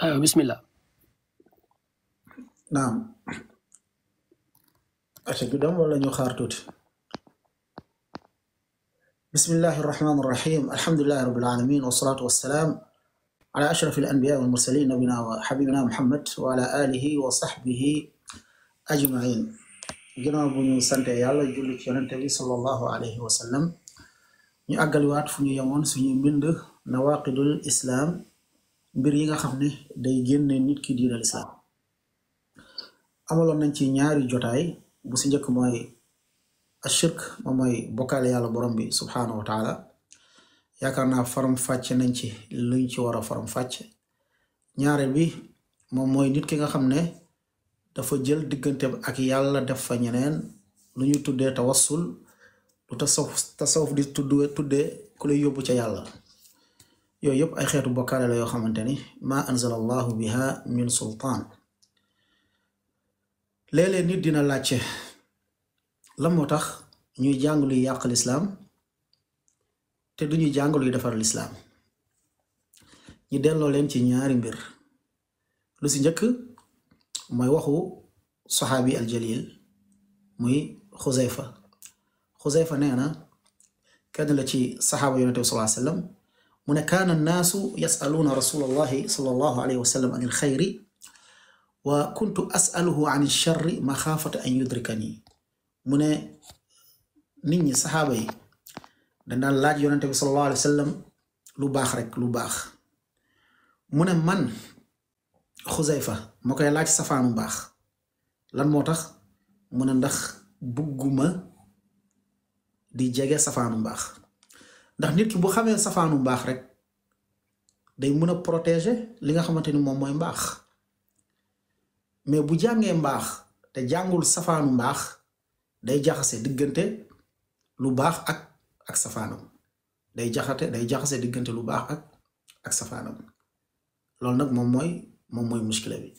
آه، بسم الله نعم أشهد دم ولا يخار بسم الله الرحمن الرحيم الحمد لله رب العالمين والصلاة والسلام على أشرف الأنبياء والمرسلين نبينا وحبيبنا محمد وعلى آله وصحبه أجمعين جناب سنت يالله جلك ينتهي صلى الله عليه وسلم ni aggal waat fu ñu yemoon suñu الإسلام mbir yi nga xam ne day génne nit ki diinal islaam amaloon nañ ci ñaari jotaay bu si njëkk mooy ashirk moom mooy bokkaale yàlla borom bi subhaanahu wa taala yaakaar naa faram fàcce nañ ci luñ ci war a faram fàcc ñaareel bi moom mooy nit ki nga xam ne dafa jël diggante ak yàlla def fa ñeneen lu ñuy tuddee tawasul lu tasawuf tasawuf di tudd tuddee ku lay yóbbu ca yàlla yooyu yëpp ay xeetu bokkaale la yoo xamante ni maa anzala allahu biha min sultaan léeg-léeg nit dina laajte la moo tax ñuy jàng luy yàq lislaam te duñu jàng luy defar lislaam ñu delloo leen ci ñaari mbir lu si njëkk mooy waxu saxaabi aljalil muy xuzayfa xuzayfa nee na kenn la ci saxaaba yonente bi sallallahu mu ne kaana annaasu yasaluuna rasula allahi sallallahu alayhi wa sallam an ilxayri wa kuntu asaluhu an ilcharri maxaafata an yudrikani mu ne nit ñi saxaaba yi laaj yonente bi sallallahu wa sallam lu baax rek lu baax mu ne man xuzayfa ma koy laaj safaanu baax lan moo tax mu ne ndax bugguma di jege safaanu baax ndax nit bu xamee safaanu mbaax rek day mën a protéger li nga xamante ni moom mooy mbaax mais bu jàngee mbaax te jàngul safaanu mbaax day jaxase diggante lu baax ak ak safaanam day jaxate day jaxase diggante lu baax ak ak safaanam loolu nag moom mooy moom mooy muscle bi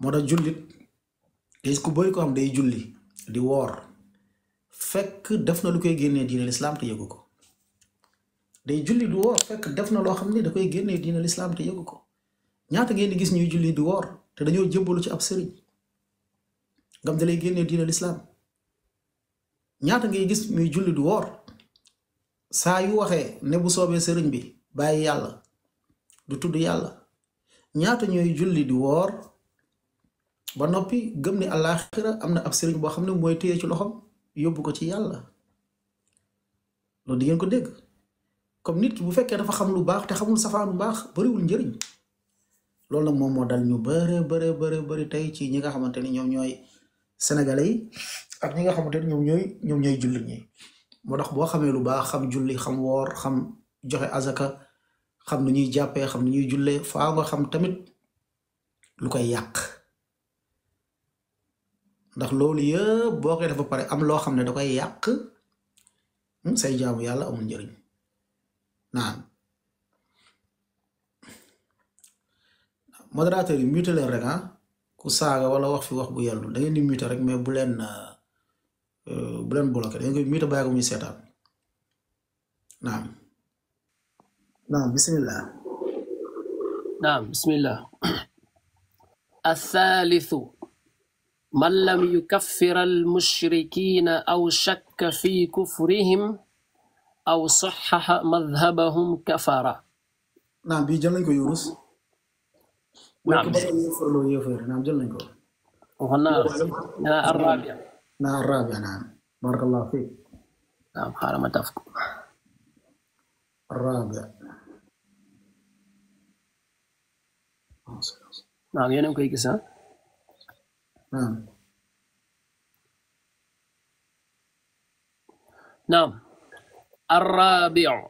moo tax jullit gis ku bëri ko am day julli di woor fekk def na lu koy génnee diine lislaam te yëgu ko day julli du wor fekk def na lo xamni da koy genné diina l'islam te yëgu ko ñaata ngeen di gis ñuy julli du wor te dañu jébbalu ci ab sëriñ ngam dalay genné dina diina ñaata ngay gis muy julli du wor sa yu waxé ne bu sëriñ bi bayi yalla du tuddu yalla ñaata ñoy julli di wor ba nopi gëm ni àllaaxira am na ab sëriñ bo xam moy teyé ci loxom yobbu ko ci yalla Lo di ngeen ko dégg comme nit bu fekkee dafa xam lu baax te xamul safaan bu baax bariwul njëriñ loolu nag moom moo dal ñu bare bare bare bëri tey ci ñi nga xamante ni ñoom ñooy sénégalais yi ak ñi nga xamante ni ñoom ñooy ñoom ñooy jullit ñi moo tax boo xamee lu baax xam julli xam woor xam joxe azaka xam nu ñuy jàppee xam nu ñuy jullee faa nga xam tamit lu koy yàq ndax loolu yëpp boo koy def ba pare am loo xam ne da koy yàq hmm, say jaamu yàlla amul njëriñ نعم modérateur yi mute leen rek ah, ku saaga wala wax fi wax bu yàllu da ngeen di mute rek mais bu leen euh, euh, bu leen bloqué da ngeen koy mute bàyyi ko muy naam bismillah naam bismillah athalithu man lam yukaffir al mushrikina aw shakka fi kufrihim أو صحح مذهبهم كفر نعم بيجل لنكو يونس نعم نعم جل وهنا الرابع نعم الرابع نعم بارك الله فيك نعم حرام ما الرابع نعم ينم كيكس ها نعم نعم الرابع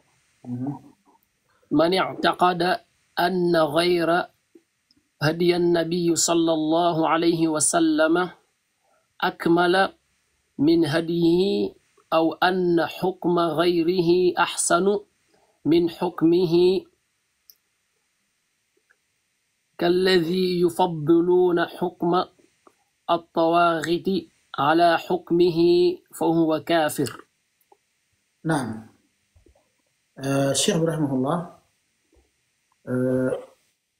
من اعتقد أن غير هدي النبي صلى الله عليه وسلم أكمل من هديه أو أن حكم غيره أحسن من حكمه كالذي يفضلون حكم الطواغيت على حكمه فهو كافر نعم الشيخ رحمه الله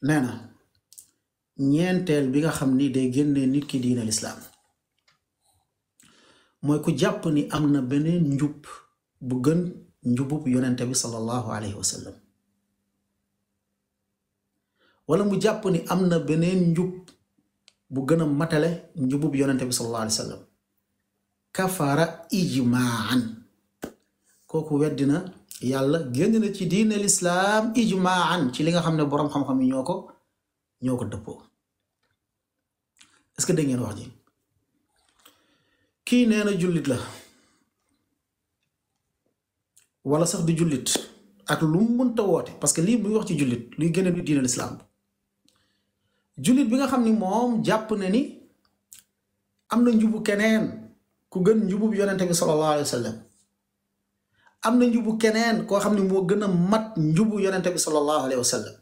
nee na ñeenteel bi nga xam ni day génne nit ki diine lislaam mooy ku jàpp ni am na beneen njub bu gën njubub yonente bi sallallahu alayhi wa sallam mu jàpp ni am na beneen njub bu gën a matale njubub yonente bi sallallahu alayhi wa kafara ijmaan koku weddina yalla genn na ci diin islam ijmaan ci li nga xamne borom xam-xam ñoko ñoko ko est-ce que dégg ngeen wax ji ki neena julit la wala sax du julit ak lu mu ta wote parce que li muy wax ci julit luy génne ni diin lislaam julit bi nga xam mom japp na ni amna njubu keneen ku gën njubub yonente bi sallallahu alaihi wasallam am na njubu keneen koo xam ne moo gën a mat njubu yonente bi sallallahu alayhi wa sallam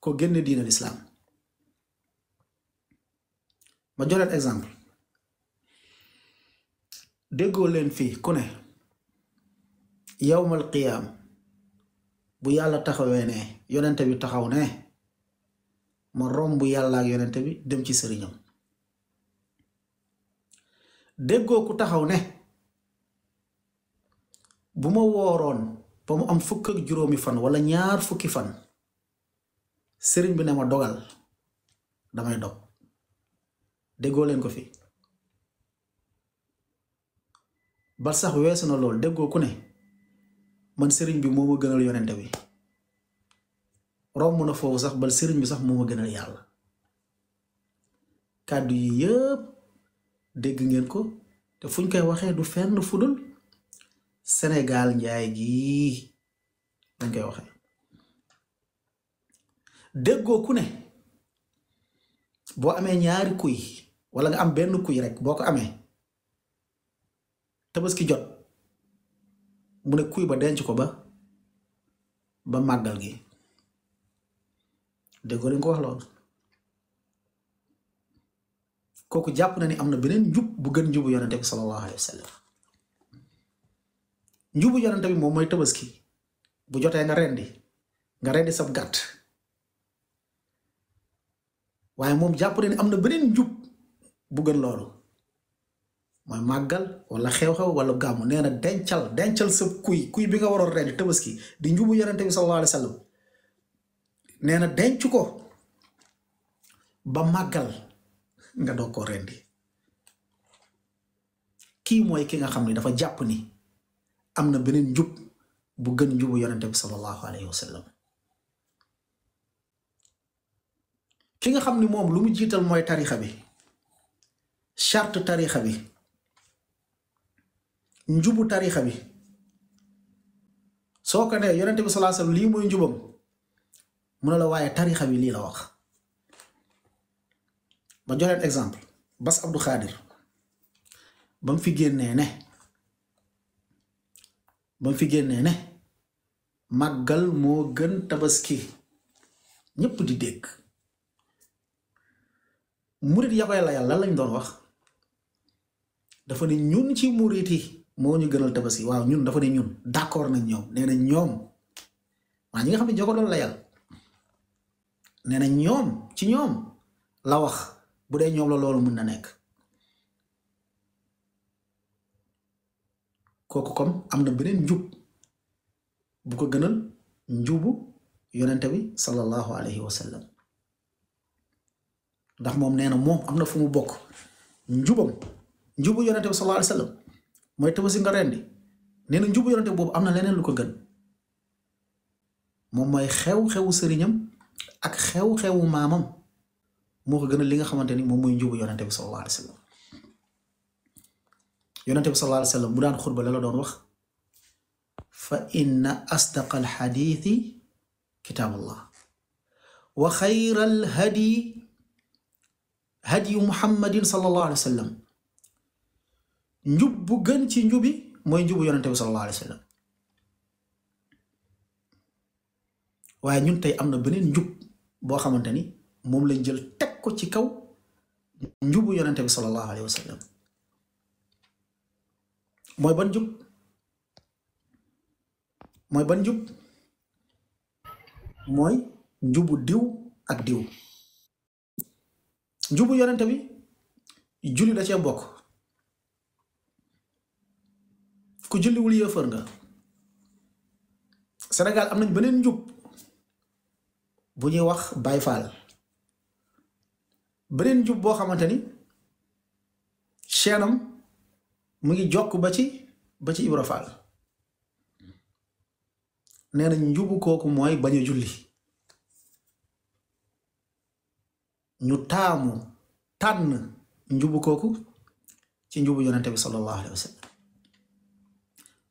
ko génne diina lislaam ma joleen exemple déggoo leen fii ku ne yowmal qiyaam bu yàlla taxawee ne yonente bi taxaw ne ma romb yàlla ak yonente dem ci sëriñam déggoo ku taxaw ne bu ma wooroon ba mu am fukk ak juróomi fan wala ñaar fukki fan sëriñ bi ne ma dogal damay dog déggoo leen ko fi ba sax weesu na lool déggoo ku ne man sëriñ bi moo ma gënal yonente bi romb na foofu sax bal sëriñ bi sax moo ma gënal yàlla kàddu yi yëpp dégg ngeen ko te fuñ koy waxee du fenn fudul Sénégal njaay gii dañ koy waxee déggoo ku ne boo amee ñaari kuy walla nga am benn kuy rek boo ko amee tabaski jot mu ne kuy ba denc ko ba ba màggal gi déggoo dañ ko wax loolu kooku jàpp na ni am na beneen njub bu gën njubu yonente bi sallallahu alayhi wa njubu yonante bi moom mooy tabaski bu jotee nga rendi nga rendi sab gat waye moom jàpp ne amna benen njub bu gën lolu moy magal wala xew-xew wala gàmmu neena na dencal dencal sa kuy kuy bi nga waro rendi tabaski di njubu yonante bi sallallahu alaihi wa neena nee ko ba magal nga do ko rendi ki moy ki nga xamni dafa japp ni am na beneen njub bu gën njubu yonente bi sallallahu alayhi wa ki nga xam ni moom lu mu jiital mooy tarixa bi charte tarixa bi njubu tarixa bi soo ko nee yonente bi sallallahu alayhi wa sallam lii mooy njubam mu ne la waaye tarixa bi lii la wax ba joxeen exemple Bass Abdou Khadir fi génnee ne ba fi génné ne magal mo gën tabaski ñepp di dégg mourid ya koy layal yalla lañ doon wax dafa ni ñun ci murit mo ñu gënal tabaski waaw ñun dafa ni ñun d'accord nañ ñom né na ñom wa ñi nga xamni joko doon layal né na ñom ci ñom la wax bu dé ñom la loolu mëna nekk koku kon amna benen njub bu ko gënal njubu yonente bi sallallahu alayhi wa sallam ndax mom neena mom amna mu njubam njubu yonente bi sallallahu alayhi wa sallam mooy tabaski nga rendi neena njubu yonente bobu amna leneen lu ko gën mom moy xew-xewu serignam ak xew-xewu mamam, moko gënal li nga xamanteni mom moy njubu yonente bi sallallahu alayhi wa sallam yonante bi sallallahu alayhi wa bu daan xutba la la doon wax fa inna asdaqa alxadiiti kitaabullah wa xayra alhadi hadiyu muhammadin sallallahu alayhi njub bu gën ci njubi mooy njubu yonente bi sallallahu alayhi wa waaye ñun tey am na beneen njub boo xamante ni moom lañ jël teg ko ci kaw njubu yonente bi sallallahu alayhi mooy ban jub mooy ban jub mooy njubu diw ak diw njubu yonente bi julli da cee bokk ku julliwul yëfër nga Sénégal am nañ beneen njub bu ñuy wax Baay Faal beneen njub boo xamante ni cheenam mu ngi jokk ba ci ba ci Ibra Fall nee na njubu kooku mooy bañ a julli ñu taamu tànn njubu kooku ci njubu yonente bi sallallahu alayhi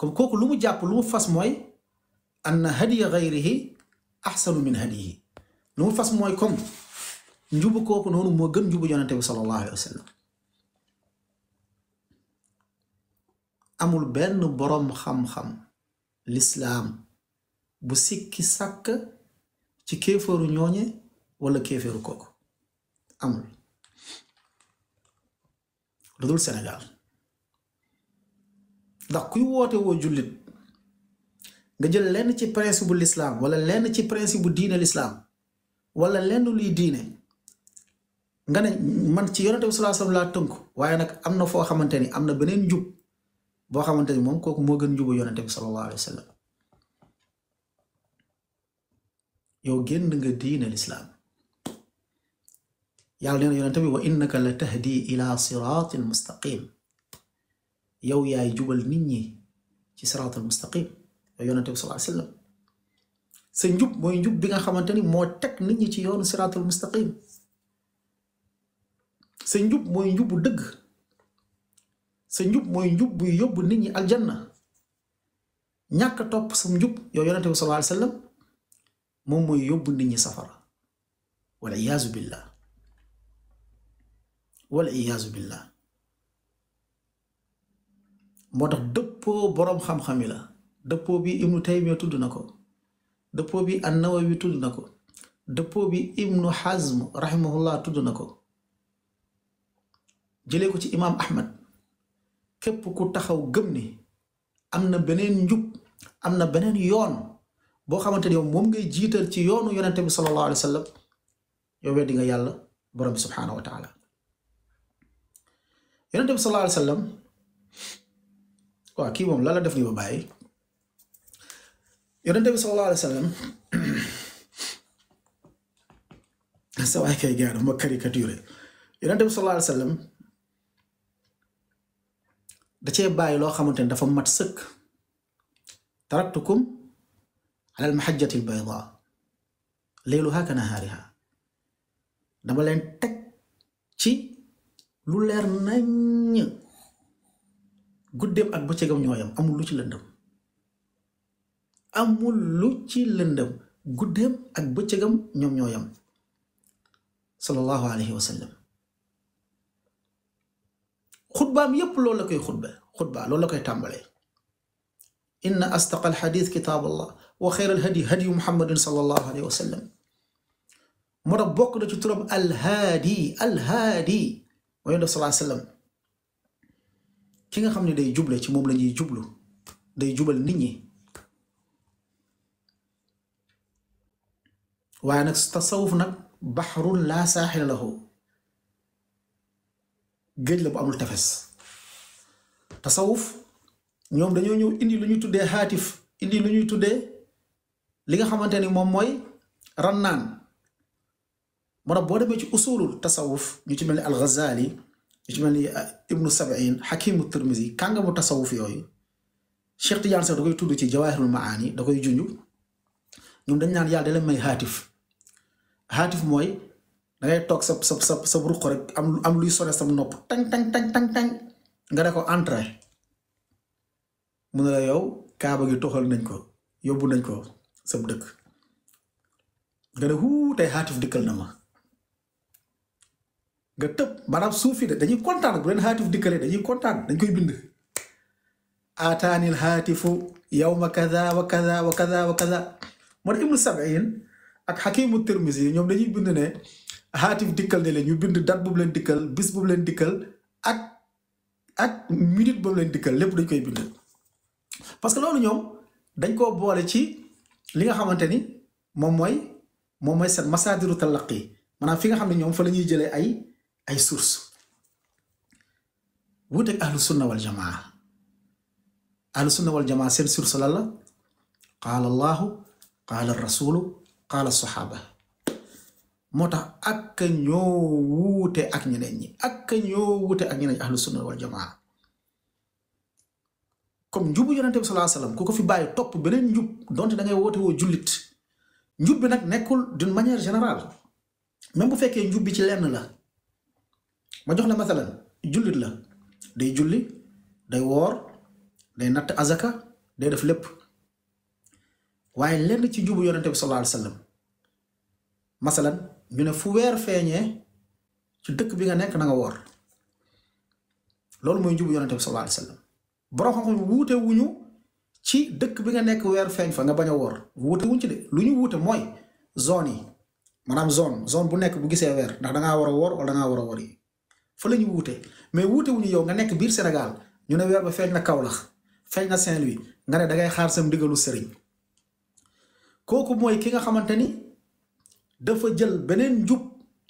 wa kooku lu mu jàpp lu mu fas mooy anna hadiya gayrihi axsanu min hadiyihi lu mu fas mooy comme njubu kooku noonu moo gën njubu yonente bi sallallahu alayhi wa amul benn boroom xam-xam lislaam bu sikki sàkk ci kéeféeru ñooñe wala kéeféeru kooku amul lu dul Sénégal ndax kuy woote woo jullit nga jël lenn ci principe bu lislaam wala lenn ci principe bu diine lislaam wala lenn luy diine nga ne man ci yonente bi sallallahu alayhi laa tënku waaye nag am na foo xamante ni am na beneen njub bo xamanteni mom koku mo gën njubu yonente bi sallallahu alayhi wasallam yow génn nga diine l'islam yàlla neena na yonente bi wa innaka la tahdi ila siratin mustaqim yow yaay jubal nit ñi ci siraatal mustaqim yow yonente bi sallallahu alayhi wasallam sallam sa njub moy njub bi nga xamanteni mo tek nit ñi ci yoonu siraatal mustaqim sa njub moy njubu deug sa njub moy njub bu yóbbu nit ñi aljanna ñak top sa njub yo yaronte bi sallallahu alayhi wasallam mom moy mooy yóbbu nit ñi safara wala iyaazu billah wala iyaazu billah motax depo borom xam-xam yi la dëppoo bi ibnu taymiya tuddu nako depo bi an-nawawi tuddu nako depo bi ibnu hazm rahimahullah tuddu nako ko jëlee ko ci imaam ahmad képp ku taxaw gëm ni am na beneen njub am na beneen yoon boo xamante ni yow moom ngay jiital ci yoonu yonente bi sallallahu alayhi wa sallam yow weddi nga yàlla borom bi subhaanahu wa taala yonente bi sallallahu alayhi kii moom la def ni ba bàyyi yonente bi sallallahu alayhi wa sa waay kay gaar ma caricature yonente bi da cee bàyyi loo xamante ne dafa mat sëkk taraktukum alal mahajjati al bayda layluha ka dama leen teg ci lu leer naññ guddeem ak bëccëgam ñooyam amul lu ci lëndëm amul lu ci lëndëm guddeem ak bëccëgam ñoom ñooyam sallallahu alayhi wa خطبه ييب لول لاكاي خطبه خطبه لول لاكاي تامبالي ان استقل الحديث كتاب الله وخير الهدي هدي محمد صلى الله عليه وسلم مر بوك دا تي الهادي الهادي وين صلى الله عليه وسلم كيغا خامني داي جوبلي تي موم لا نيي جوبلو داي جوبل نيت ني واي نك التصوف نك بحر لا ساحل له géej la bu amul tafes tasawuf ñoom dañoo ñëw indi lu ñuy tuddee xaatif indi lu ñuy tuddee li nga xamante ni moom mooy rannaan moo tax boo demee ci usulul tasawuf ñu ci mel ni al-Ghazali ñu ci mel ni ibnu sabain xakimu tirmisi kàngamu tasawuf yooyu Cheikh Tidiane sax da koy tudd ci jawahirul maani da koy junj ñoom dañ naan yàlla dala may xaatif xaatif mooy da ngay toog sa sa sa sa ruq rek am am luy sone sab nopp tang tang tang tang tang nga ne ko entrée mu ne la yow kaaba gi toxal nañ ko yóbbu nañ ko sa dëkk nga ne huu tey xaatif dikkal na ma nga tëb maanaam suuf de dañuy kontaan bu leen dañuy kontaan dañ koy bind ataanil xaatifu yawma kaza wa kaza wa kaza wa kaza moo tax ibnu sabiin ak xakimu tirmisi ñoom dañuy bind ne xaatif dikkal ne leen ñu bind dat boobu leen dikkal bis boobu leen dikkal ak ak minute boobu leen dikkal lépp dañ koy bind parce que loolu ñoom dañ koo boole ci li nga xamante ni moom mooy moom mooy seen masaadiru talaqi maanaam fi nga xam ne ñoom fa la ñuy jëlee ay ay source wuuteeg ahlu sunna wal jamaa ahlu sunna wal jamaa seen source lan la qaala allahu qaala rasulu qaala sahaba moo tax ak ñoo wuute ak ñeneen ñi ak ñoo wuute ak ñeneen ñi ahlu sunna wal jamaa comme njubu yonente bi salaa salaam ku ko fi bàyyi topp beneen njub donte da ngay woote njub bi nag nekkul d'une manière générale même bu fekkee njub ci lenn la ma jox la mathalan jullit la day julli day woor day natt azaka day def lépp waaye lenn ci njubu yonente bi salaa salaam masalan ñu ne fu weer feeñee ci dëkk bi nga nekk na nga wor loolu mooy njubu yonente bi sallallahu alayhi wasallam borom xam wuute wuñu ci dëkk bi nga nekk weer feeñ fa nga bañ a woor wuute wuñ ci de lu ñu wuute mooy zone yi maanaam zone zone bu nekk bu gisee weer ndax da ngaa war a wor wala da ngaa war a woor yi fa la ñu wuute mais wuute wuñu yow nga nekk biir Sénégal ñu ne weer ba feeñ na kaolax feeñ na Saint-Louis nga ne da ngay xaar sam ndigalu sëriñ kooku mooy ki nga xamante ni dafa jël beneen njub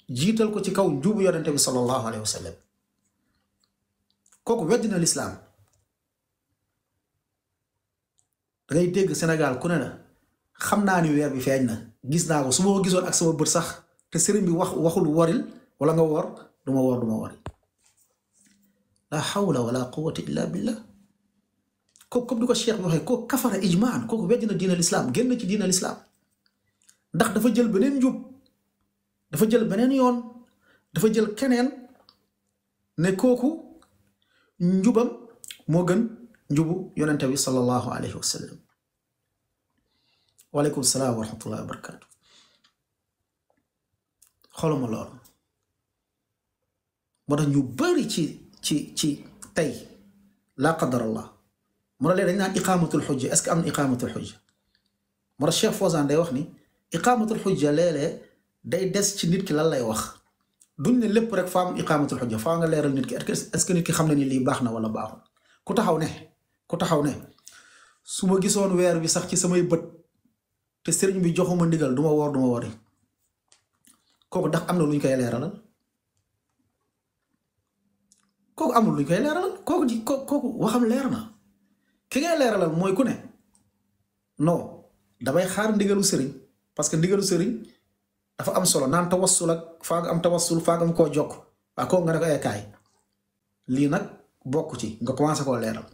jiital ko ci kaw njubu yonente bi sallallahu alayhi wa sallam kooku wedd lislaam dangay dégg Sénégal ku ne na xam naa ni weer bi feeñ na gis naa ko su ma ko gisoon ak sama bët sax te sëriñ bi wax waxul waril wala nga woor duma woor duma wari la hawla wala quwwata illa billah kooku comme du ko cheikh bi waxee kooku kafara ijmaan kooku wedd na diinal génn ci diinal islaam ndax dafa jël beneen njub dafa jël beneen yoon dafa jël keneen ne kooku njubam moo gën njubu yonente bi sallallahu alayhi wa sallam waaleykum salaam wa rahmatullahi wa barakaatu xoluma loolu moo bari ci ci ci tey laa qadar allah mu ne leen dañ naan iqaamatul xujja est-ce que am na iqaamatul xujja moo tax wax ni iqaamatul xujja léeg-léeg day des ci nit ki lan lay wax duñ ne lépp rek faa am iqaamatul xujja faa nga leeral nit ki est-ce que nit ki xam na ni lii baax na wala baaxul ku taxaw ne ku taxaw ne su ma gisoon weer bi sax ci samay bët te sëriñ bi joxuma ndigal du ma woor du ma wori kooku ndax am na luñ koy leeralal kooku amul luñ koy leeralal kooku ji kooku waxam leer na ki ngay leeralal mooy ku ne no damay xaar ndigalu sëriñ. parce que ndigalu sëriñ dafa am solo naan tawassul ak faa nga am tawassul faa nga am koo jokk waa kooku nga ne ko ay eh, kaay lii nag bokk ci nga commencé koo leeral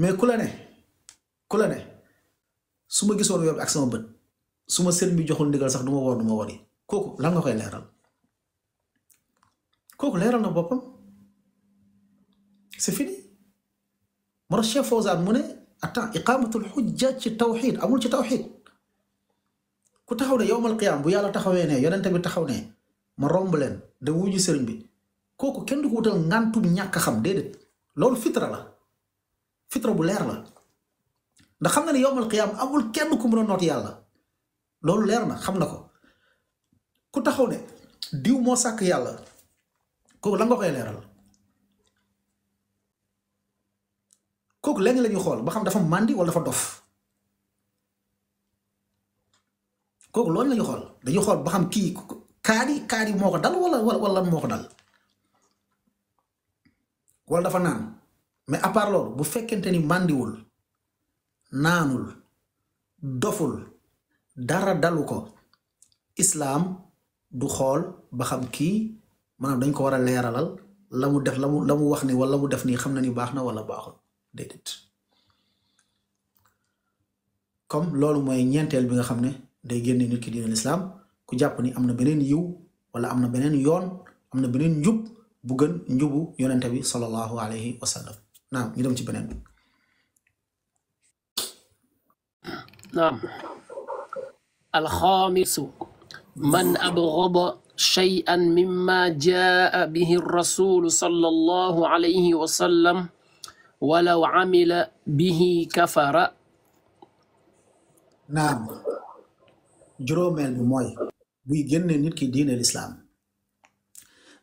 mais ku la ne ku la ne su ma gisoon ak sama bët su ma sëriñ bi sax du ma woor du ma wori lan nga koy leeral kooku leeral na boppam c'est fini moo tax Cheikh mu ne attends iqaamatul xujja ci tawxiid amul ci taw tawxiid ku taxaw ne yowmal qiyaam bu yàlla taxawee ne yonent bi taxaw ne ma romb leen da wuyu sëriñ bi kooku kenn du ko wutal ngàntum ñàkk xam déedéet loolu fitra la fitra bu leer la xam na ne yowmal qiyaam amul kenn ku mën a noot yàlla loolu leer na xam na ko ku taxaw ne diw moo sàkk yàlla kooku la nga koy leeral kooku léegi xool ba xam dafa màndi wala dafa dof kooku loolu la xool dañu xool ba xam kii kaar yi kaar yi moo ko dal wala wala moo ko dal walla dafa naan mais à part loolu bu fekkente ni màndiwul naanul doful dara dalu ko islaam du xool ba xam kii maanaam dañ ko war a leeralal la mu def la mu la mu wax ni wala mu def nii xam na ni baax na wala baaxul déedéet comme loolu mooy ñeenteel bi nga xam ne day génne nit ki diine lislaam ku jàpp ni am na beneen yiw wala am na beneen yoon am na beneen njub bu gën njubu yonente bi sallallahu alayhi wa sallam naam ñu dem ci beneen bi naam alxaamisu man abgada شيئا مما جاء به الرسول صلى الله عليه وسلم ولو عمل به كفر نعم juróomeel bi mooy buy génne nit ki diine lislaam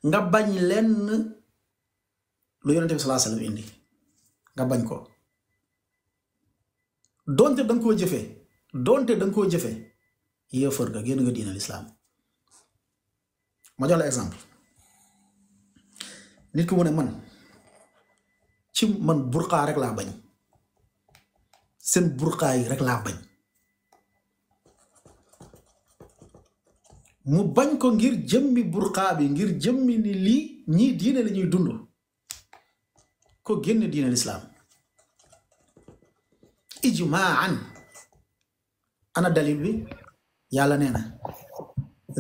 nga bañ lenn lu yonente bi salaa indi nga bañ ko doonte danga koo jëfe doonte danga koo jëfe yéefar nga génn nga diine lislaam ma jox la exemple nit ki mu ne man ci man burqaa rek laa bañ seen burqaa yi rek laa bañ mu bañ ko ngir jëmmi burqa bi ngir jëmmi li ñi diina la ñuy dund ko genn diina l'islam ijma'an ana dalil bi yalla neena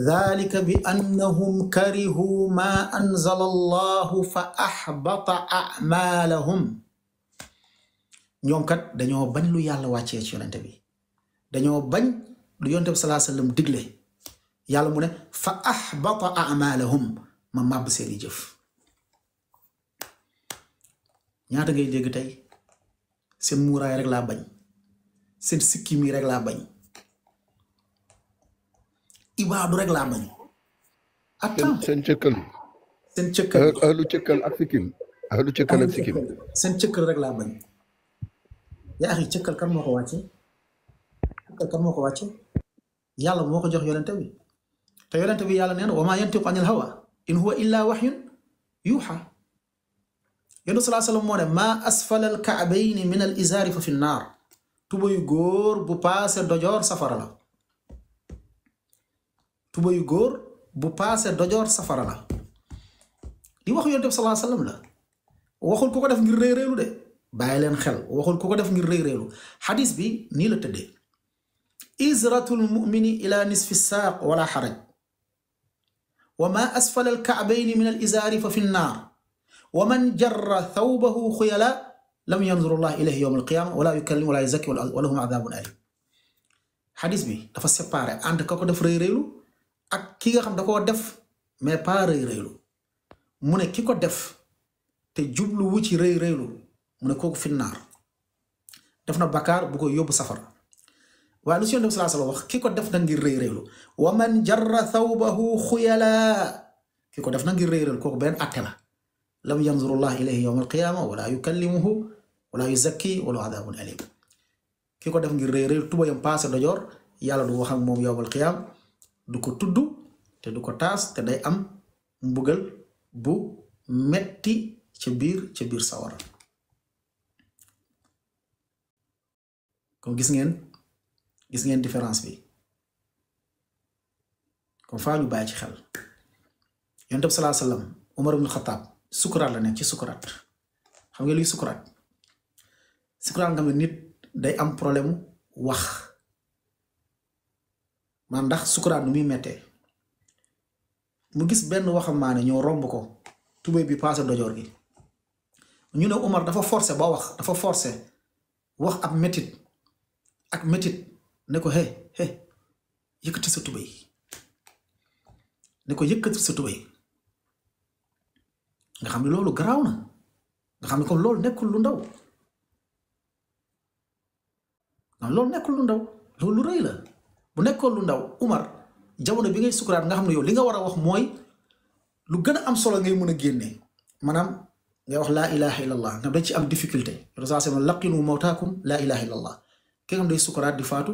dhalika bi annahum karihu ma anzal allah fa ahbata a'malahum ñom kat dañoo bañ lu yalla wacce ci yonent bi dañoo bañ du yonent bi sallallahu yàlla mu ne fa ahbata amalahum ma màbb seeni jëf ñaata ngay dégg tey seen muuraay rek laa bañ seen sikkim yi rek laa bañ ibaadu rek laa bañ attan seen cëkkal seen cëkkal eh, ahlu cëkkal ak sikkim ahlu cëkkal ak seen cëkkal rek laa bañ yaa axi cëkkal kan moo ko wàcce yàlla moo ko jox yonente bi تيران تبي يالا نين وما ينطق عن الهوى إن هو إلا وحي يوحى يلو صلى الله عليه وسلم ما أسفل الكعبين من الإزار في النار تبو يغور بو باس دجور سفر له تبو يغور بو باس دجور سفر له دي واخو يونتو صلى الله عليه وسلم لا واخول كوكو داف غير ريرلو دي باي خيل واخول كوكو داف غير ريرلو حديث بي ني لا تدي إزرة المؤمن إلى نصف الساق ولا حرج وما أسفل الكعبين من الإزار ففي النار ومن جر ثوبه خيلا لم ينظر الله إليه يوم القيامة ولا يكلم ولا يزكي ولا ولهم عذاب أليم حديث بي دا سيباري أنت كوكو دف ري ريلو أك كيغا خم دكو دف مي با ري ريلو مونة كيكو دف تجبلو وشي ري ريلو مونة كوكو في النار دفنا بكار بكو يوب سفر wa lu si yonent bi salaa wax ki def na ngir réy wa man jarra thawbahu xuyala ki ko def na ngir réy réylu kooku benn atte la lam yanzurullah ilayhi yawm alqiyama wala yukallimuhu wala yuzakki wala adabun alim kiko ko def ngir réy réylu tubayam paase dojoor yàlla du wax ak mom yawm alqiyam du ko tudd te du ko te day am mbugal bu metti ci bir ci bir sawara ko gis ngeen gis ngeen différence bi kon faa ñu bàyyi ci xel yonent bi salaa sallam Umar ibn Xataab sukuraat la nekk ci sukuraat xam nga luy sukuraat sukuraat nga xam ne nit day am problème wax man ndax sukuraat nu muy mettee mu gis benn ñoo romb ko tubéy bi paase dojoor gi ñu ne Umar dafa forcé ba wax dafa forcé wax ab métit ak métit ne ko hey hey yëkkati sa tubéy ne ko yëkkati sa tubéy nga xam ne loolu garaaw na nga xam ne comme loolu nekkul lu ndaw non loolu nekkul lu ndaw loolu lu rëy la bu nekkoon lu ndaw Umar bi ngay sukuraat nga xam ne yow li nga war a wax mooy lu gën a am solo ngay mun a génne maanaam ngay wax laa ilaha illallah nga dañ ci am difficulté. rasul sallam laqinu mawtaakum laa ilaha illallah ki nga xam day sukuraat di faatu.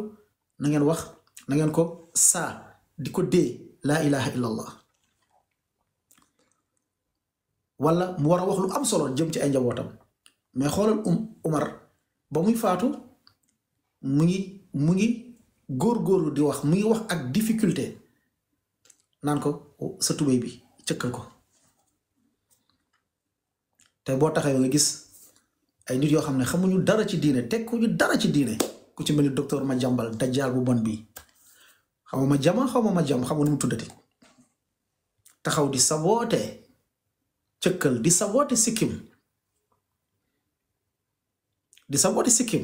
na ngeen wax na ko sa diko de la ilaha illallah wala mu wara wax lu am solo jëm ci ay njabotam mais xolal um umar ba muy faatu mu ngi mu ngi gor gorlu di wax mu ngi wax ak difficulté nan ko oh, sa tubey bi cëkkal ko te bo taxawee nga gis ay nit yo xamne ne xamuñu dara ci diine tekkuñu dara ci diine ku ci mel ni docteur Madiambal dajjaal bu bon bi xaw ma jama xaw ma jam xaw ma nu mu tuddati taxaw di saboote cëkkal di saboote sikkim di saboote sikkim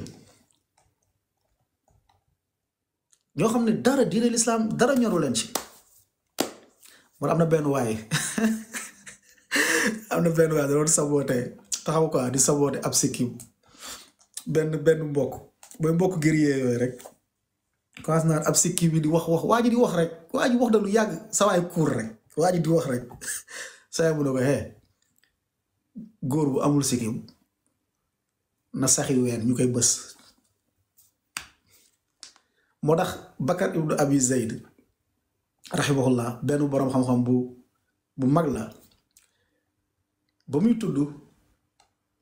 ñoo xam ne dara diine lislaam dara ñoru leen ci man am na benn waaye am na benn waaye da doon saboote taxaw quoi di saboote ab sikkim benn benn mbokk booy mbokk guerrier yooyu rek commence naan ab sikki bi di wax wax waa ji di wax rek waa ji wax da lu yàgg sawaay kuur rek waa ji di wax rek sawaay mu ne ko hee góor bu amul sikkim na saxi weer ñu koy bës moo tax Bakar ibnu Abi Zayd raximahullah benn boroom xam-xam bu bu mag la ba muy tudd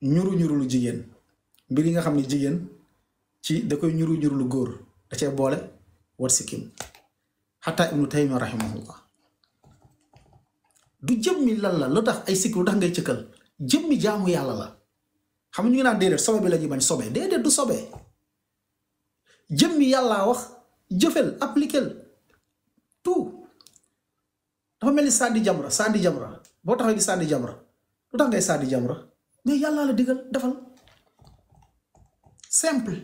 ñuru ñuru lu jigéen mbir yi nga xam ne jigéen ci da koy ñuru ñuru lu góor da cee boole wat sikkim xataa ibnu taymiya rahimahullah du jëmmi lan la lu tax ay sikkim lu tax ngay cëkkal jëmmi jaamu yàlla la xam ñu ngi naan déedéet la ñuy bañ sobe déedéet du sobe jëmmi yàlla wax jëfel appliquel tout dafa mel ni sàddi jamra sàddi jamra boo taxawee di sàddi jamra lu tax ngay sàddi jamro mais yàllaa la digal defal simple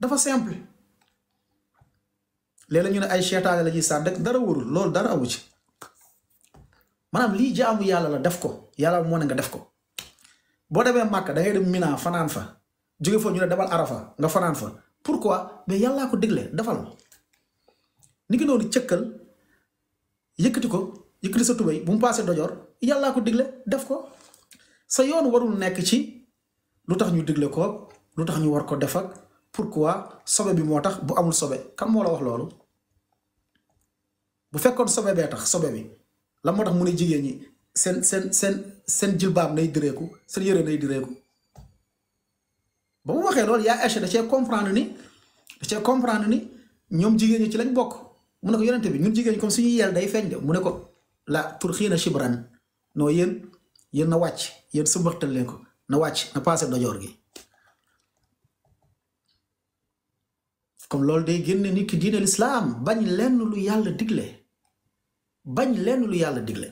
dafa simple léeg-la ñu ne ay seetaane la ñuy sànn rek dara warul loolu dara awu ci maanaam lii jaamu yàlla la def ko yàlla moo ne nga def ko boo demee Màkka da ngay dem Mina fanaan fa jóge foofu ñu ne demal Arafa nga fanaan fa pourquoi mais yàllaa ko digle defal ni ki noonu cëkkal yëkkati ko yëkkati sa tubéy bu mu paasee dojoor yàllaa ko digle def ko sa yoon warul nekk ci lu tax ñu digle ko lu tax ñu war ko def pour quoi sobe bi moo tax bu amul sobe kan moo la wax loolu bu fekkoon sobe bee tax sobe bi la moo tax mu ne jigéen ñi seen seen seen seen jilbaab nay direeku seen yëre nay direeku ba mu waxee loolu yaa Aïcha da cee comprendre ni da cee ni ñoom jigéen ñi ci lañ bokk mu ne ko yonente bi ñun jigéen ñi comme suñu yeel day feeñ de mu ne ko la tur xiina shibran noo yéen yéen na wàcc yéen sëmbaxtal leen ko na wàcc na passé dojoor gi comme loolu day génne nit ki diine lislaam bañ lenn lu yàlla digle bañ lenn lu yàlla digle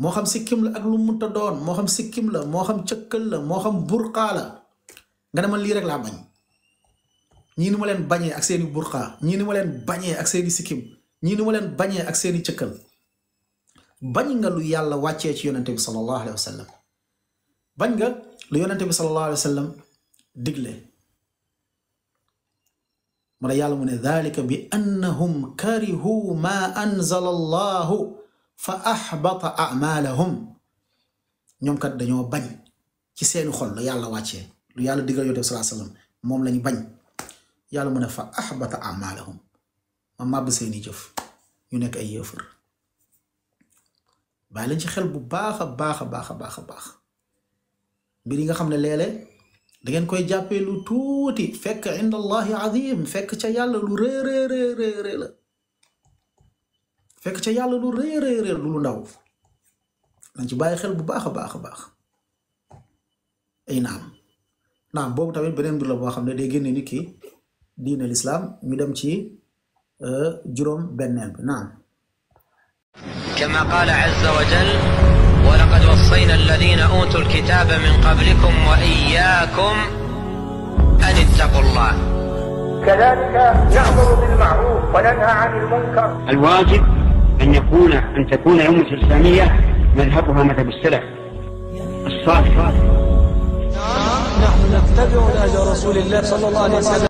moo xam sikkim la ak lu munta doon moo xam sikkim la moo xam cëkkal la moo xam burqaa la nga ne lii rek laa bañ ñii ni leen bañee ak seeni burqaa ñii ni ma leen bañee ak seeni sikkim ñii ni ma leen bañee ak seeni cëkkal bañ nga lu yàlla wàccee ci yonente bi sallallahu alayhi wa bañ nga lu yonente bi sallallahu alayhi wa digle مرا يعلمون ذلك بأنهم كرهوا ما أنزل الله فأحبط أعمالهم نيوم كات دانيو باني كي سينو خول لو يالا واتي لو يالا ديغال يوتو صلى الله عليه وسلم موم لاني باني يالا من فأحبط أعمالهم ما ماب سيني جوف ني نيك اي يوفر بالا نجي خيل بو باخا باخا باخا باخا باخا ميريغا خامني ليله da ngeen koy jàppee lu tuuti fekk inda allahi azim fekk ca yàlla lu réeréeréeréeré fekk ca yàlla lu réeréeréer lu ndaw nañ ci bàyyi xel bu baax a baax a baax ay naam naam boobu tamit beneen mbir la boo xam ne day génne nit ki diine lislaam ñu dem ci euh, juróom beneen bi naam kama qaala azza wa ولقد وصينا الذين أوتوا الكتاب من قبلكم وإياكم أن اتقوا الله كذلك نأمر بالمعروف وننهى عن المنكر الواجب أن يكون أن تكون أمة الإسلامية مذهبها مذهب السلف الصالح نحن نتبع الأجر رسول الله صلى الله عليه وسلم